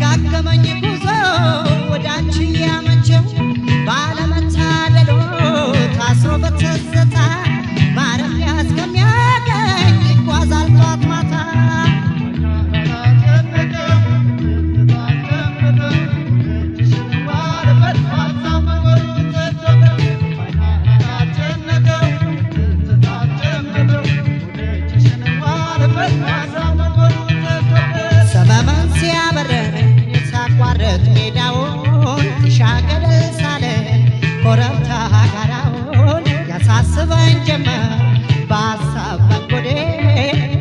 ደጋገመኝ ጉዞ ወደ ያመ ኮረብታ ጋራውን ያሳስበኝ ጀመር በሀሳብ በጎዴ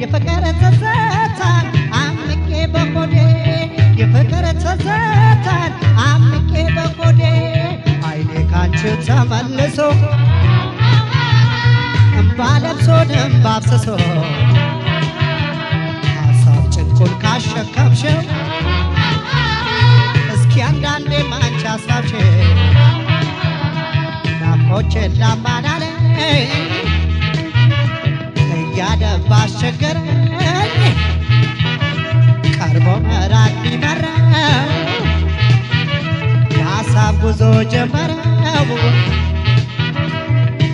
የፍቅር ትዝታን አምቄ በጎዴ የፍቅር ትዝታን አምቄ በጎዴ አይኔ ካንቺ ተመልሶ እምባ ለብሶን እምባ አፍስሶ ሀሳብ ጭንቁን ካሸከምሽው እስኪ አንዳንዴ ማንቻ አሳብሽ ሆቼን ላማናለ እያደባ አስቸገረኝ ቀርቦ መራቅ ቢመረው የሀሳብ ጉዞ ጀመረው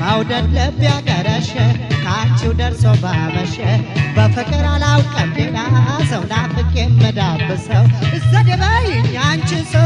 መውደድ ልብ ያገረሸ ካንቺው ደርሶ ባመሸ በፍቅር አላውቅም ሌላ ሰው ናፍቄ የምዳብሰው እሰደበኝ አንቺ ሰው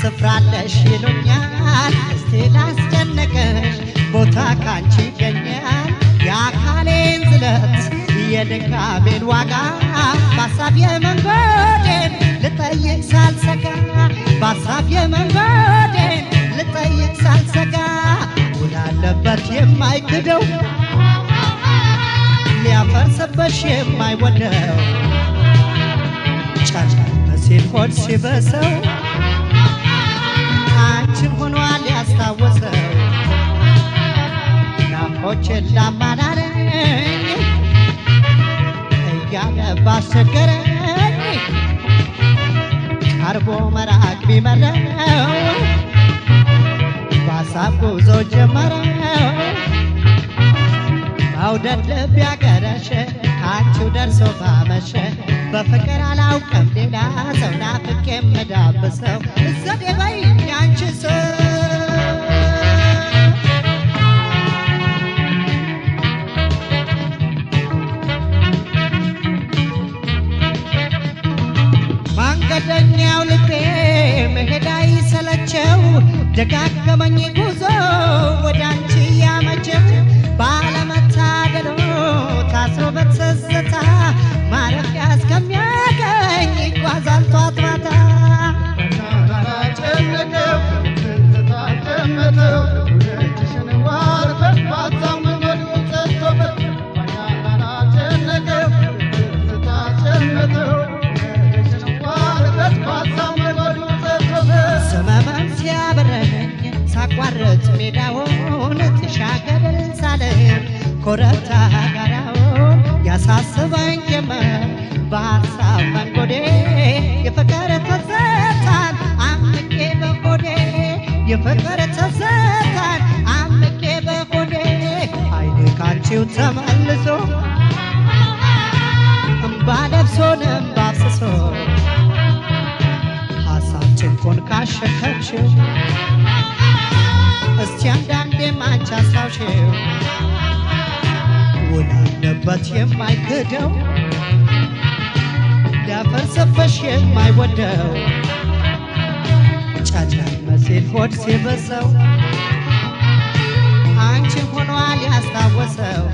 ስፍራለሽ ይሉኛል እስቲ ላስጨነቀሽ ቦታ ካንቺ ይገኛል የአካሌን ዝለት የድካሜን ዋጋ በሀሳብ የመንገዴን ልጠይቅ ሳልሰጋ በሀሳብ የመንገዴን ልጠይቅ ሳልሰጋ ወዳለበት የማይክደው ሊያፈርስብሽ የማይወደው ጫጫ ሲሆን ሲበሰው ጌታችን ሆኗል ያስታወሰው ናፍቆችን ላማዳረኝ እያለ ባስቸገረኝ ቀርቦ መራቅ ቢመረው በሀሳብ ጉዞ ጀመረው መውደድ ልብ ያገረሸ ደርሶ ባመሸ በፍቅር አላውቅም ሌላ ሰው ናፍቄ የምዳብሰው ያንቺ መንገደኛው ልቤ መሄድ አይሰለቸው ደጋገመኝ ጉዞ ስንብት ሜዳውን ልሻገር ሳልል ኮረብታ ጋራውን ያሳስበኝ ጀመር በሀሳብ መንጎዴ የፍቅር ተዘታን አምቄ በሆዴ የፍቅር ተዘታን አምቄ በሆዴ አይኔ ካንቺው ተመልሶ እምባ ለብሶን እምባ አፍስሶ ሀሳብ ጭንቁን ካሸከችው እያንዳንድ የማቻስታውሽው ውላነበት የማይክደው ሊያፈርስብሽ የማይወደው ጫጫመ ሲል ሆድ ሲበዛው አንቺ ሆኗል ያስታወሰው